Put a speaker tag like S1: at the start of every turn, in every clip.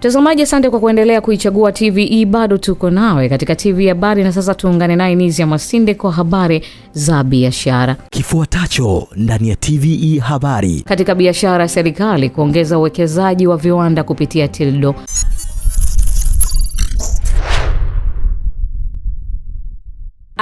S1: Mtazamaji, asante kwa kuendelea kuichagua TVE. Bado tuko nawe katika TV e Habari, na sasa tuungane naye Nizia Mwasinde kwa habari za biashara.
S2: Kifuatacho ndani ya TVE Habari,
S1: katika biashara, serikali kuongeza uwekezaji wa viwanda kupitia Tildo.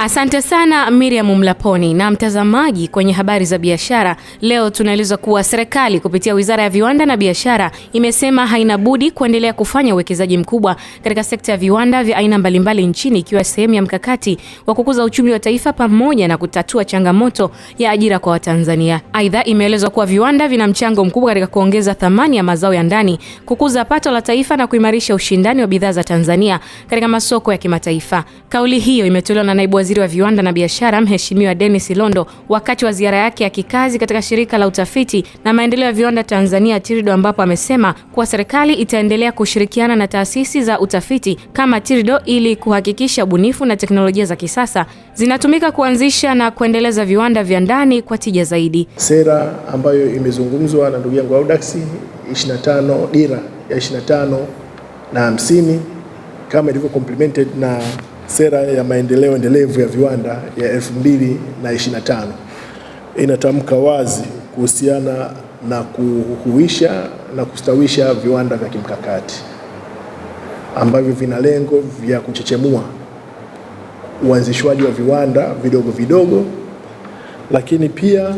S1: Asante sana Miriam Mlaponi. Na mtazamaji, kwenye habari za biashara leo tunaelezwa kuwa serikali kupitia Wizara ya Viwanda na Biashara imesema haina budi kuendelea kufanya uwekezaji mkubwa katika sekta ya viwanda vya aina mbalimbali nchini ikiwa sehemu ya mkakati wa kukuza uchumi wa taifa pamoja na kutatua changamoto ya ajira kwa Watanzania. Aidha, imeelezwa kuwa viwanda vina mchango mkubwa katika kuongeza thamani ya mazao ya ndani, kukuza pato la taifa na kuimarisha ushindani wa bidhaa za Tanzania katika masoko ya kimataifa. Kauli hiyo imetolewa na naibu Waziri wa Viwanda na Biashara Mheshimiwa Dennis Londo wakati wa ziara yake ya kikazi katika Shirika la Utafiti na Maendeleo ya Viwanda Tanzania tirido ambapo amesema kuwa serikali itaendelea kushirikiana na taasisi za utafiti kama tirido ili kuhakikisha ubunifu na teknolojia za kisasa zinatumika kuanzisha na kuendeleza viwanda vya ndani kwa tija zaidi.
S3: Sera ambayo imezungumzwa na ndugu yangu Audax 25 dira ya 25 na 50 kama ilivyo complemented na sera ya maendeleo endelevu ya viwanda ya 2025 inatamka wazi kuhusiana na kuhuisha na kustawisha viwanda vya kimkakati ambavyo vina lengo vya kuchechemua uanzishwaji wa viwanda vidogo vidogo, lakini pia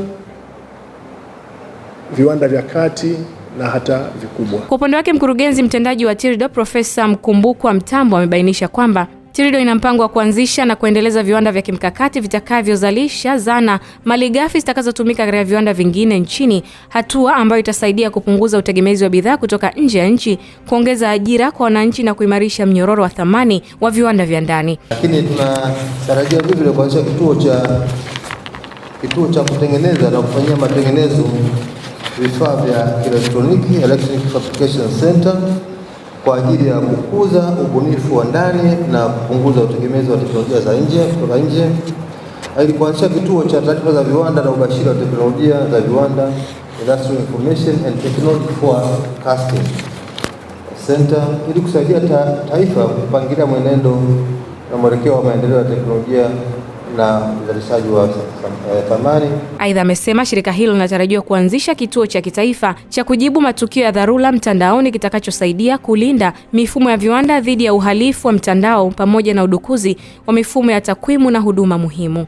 S3: viwanda vya kati na hata vikubwa.
S1: Kwa upande wake, mkurugenzi mtendaji wa TIRDO Profesa Mkumbukwa Mtambo amebainisha kwamba TIRIDO ina mpango wa kuanzisha na kuendeleza viwanda vya kimkakati vitakavyozalisha zana malighafi zitakazotumika katika viwanda vingine nchini, hatua ambayo itasaidia kupunguza utegemezi wa bidhaa kutoka nje ya nchi, kuongeza ajira kwa wananchi na kuimarisha mnyororo wa thamani wa viwanda vya ndani.
S4: Lakini tunatarajia vile vile kuanzisha kituo cha kituo cha kutengeneza na kufanyia matengenezo vifaa vya electronic Electronic Fabrication Center kwa ajili ya kukuza ubunifu wa ndani na kupunguza utegemezi wa teknolojia za nje kutoka nje, ili kuanzisha kituo cha taarifa za viwanda na ubashiri wa teknolojia za viwanda, Industrial Information and Technology Forecasting Center, ili kusaidia ta taifa kupangilia mwenendo na mwelekeo wa maendeleo ya teknolojia na uzalishaji wa Eh, thamani.
S1: Aidha, amesema shirika hilo linatarajiwa kuanzisha kituo cha kitaifa cha kujibu matukio ya dharura mtandaoni kitakachosaidia kulinda mifumo ya viwanda dhidi ya uhalifu wa mtandao pamoja na udukuzi wa mifumo ya takwimu na huduma muhimu.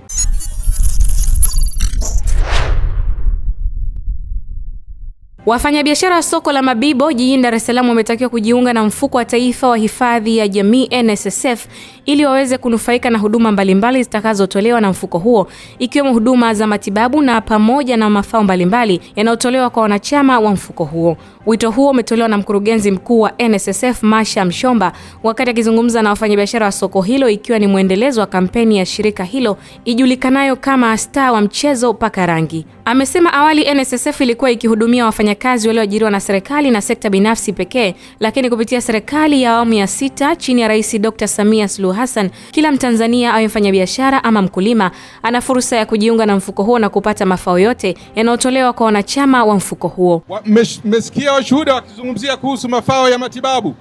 S1: Wafanyabiashara wa soko la Mabibo jijini Dar es Salaam wametakiwa kujiunga na mfuko wa taifa wa hifadhi ya jamii NSSF ili waweze kunufaika na huduma mbalimbali zitakazotolewa na mfuko huo ikiwemo huduma za matibabu na pamoja na mafao mbalimbali yanayotolewa kwa wanachama wa mfuko huo. Wito huo umetolewa na mkurugenzi mkuu wa NSSF Masha Mshomba wakati akizungumza na wafanyabiashara wa soko hilo ikiwa ni mwendelezo wa kampeni ya shirika hilo ijulikanayo kama Star wa Mchezo Paka Rangi. Amesema awali NSSF ilikuwa ikihudumia wafanyakazi walioajiriwa na serikali na sekta binafsi pekee, lakini kupitia serikali ya awamu ya sita chini ya Rais Dr. Samia Suluhu Suluhu Hassan, kila Mtanzania awe mfanyabiashara ama mkulima ana fursa ya kujiunga na mfuko huo na kupata mafao yote yanayotolewa kwa wanachama wa mfuko huo.
S5: Mmesikia wa, washuhuda wakizungumzia kuhusu mafao ya matibabu.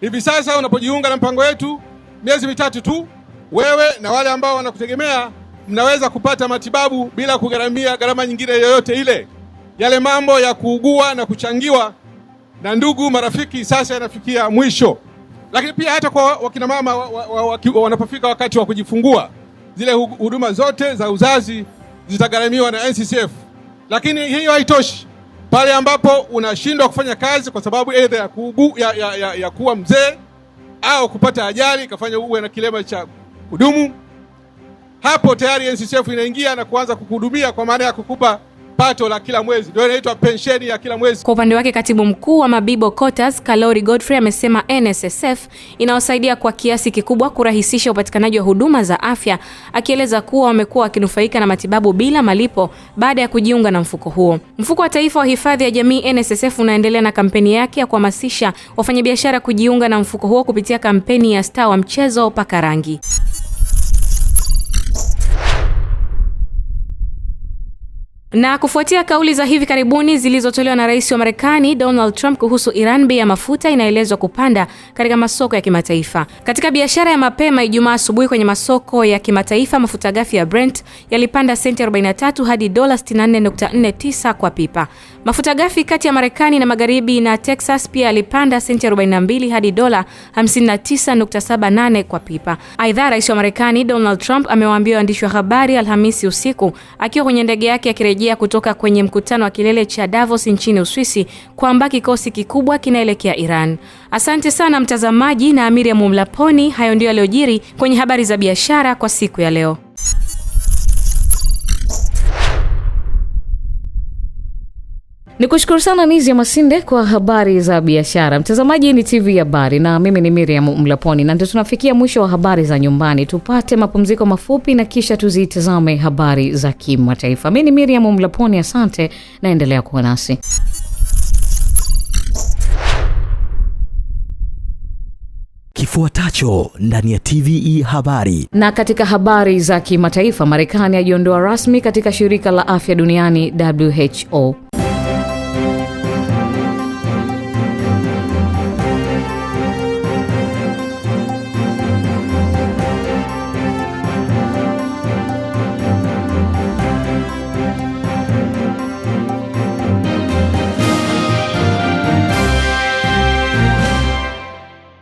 S5: Hivi sasa unapojiunga na mpango wetu, miezi mitatu tu, wewe na wale ambao wanakutegemea mnaweza kupata matibabu bila kugharamia gharama nyingine yoyote ile. Yale mambo ya kuugua na kuchangiwa na ndugu marafiki sasa yanafikia mwisho lakini pia hata kwa wakinamama wanapofika wakati wa kujifungua, zile huduma zote za uzazi zitagharamiwa na NCCF. Lakini hiyo haitoshi, pale ambapo unashindwa kufanya kazi kwa sababu aidha ya, ya, ya, ya, ya kuwa mzee au kupata ajali ikafanya uwe na kilema cha kudumu, hapo tayari NCCF inaingia na kuanza kukuhudumia kwa maana ya kukupa pato la kila mwezi ndio inaitwa pensheni ya kila mwezi.
S1: Kwa upande wake katibu mkuu wa Mabibo Quotas Kalori Godfrey amesema NSSF inaosaidia kwa kiasi kikubwa kurahisisha upatikanaji wa huduma za afya, akieleza kuwa wamekuwa wakinufaika na matibabu bila malipo baada ya kujiunga na mfuko huo. Mfuko wa Taifa wa Hifadhi ya Jamii NSSF unaendelea na kampeni yake ya kuhamasisha wafanyabiashara kujiunga na mfuko huo kupitia kampeni ya Star wa Mchezo Paka Rangi. Na kufuatia kauli za hivi karibuni zilizotolewa na rais wa Marekani Donald Trump kuhusu Iran, bei ya mafuta inaelezwa kupanda katika masoko ya kimataifa. Katika biashara ya mapema Ijumaa asubuhi kwenye masoko ya kimataifa, mafuta ghafi ya Brent yalipanda senti 43 hadi dola 64.49 kwa pipa. Mafuta gafi kati ya Marekani na magharibi na Texas pia yalipanda senti 42 hadi dola 59.78 kwa pipa. Aidha, rais wa Marekani Donald Trump amewaambia waandishi wa habari Alhamisi usiku akiwa kwenye ndege yake akirejea kutoka kwenye mkutano wa kilele cha Davos nchini Uswisi kwamba kikosi kikubwa kinaelekea Iran. Asante sana mtazamaji na Amiri ya Mumlaponi. Hayo ndio yaliyojiri kwenye habari za biashara kwa siku ya leo. Ni kushukuru sana ya Masinde kwa habari za biashara. Mtazamaji ni TV Habari na mimi ni Miriam Mlaponi, na ndio tunafikia mwisho wa habari za nyumbani. Tupate mapumziko mafupi na kisha tuzitazame habari za kimataifa. Mimi ni Miriam Mlaponi, asante naendelea kuwa nasi.
S2: Kifuatacho ndani ya TVE Habari.
S1: Na katika habari za kimataifa, Marekani ajiondoa rasmi katika shirika la afya duniani WHO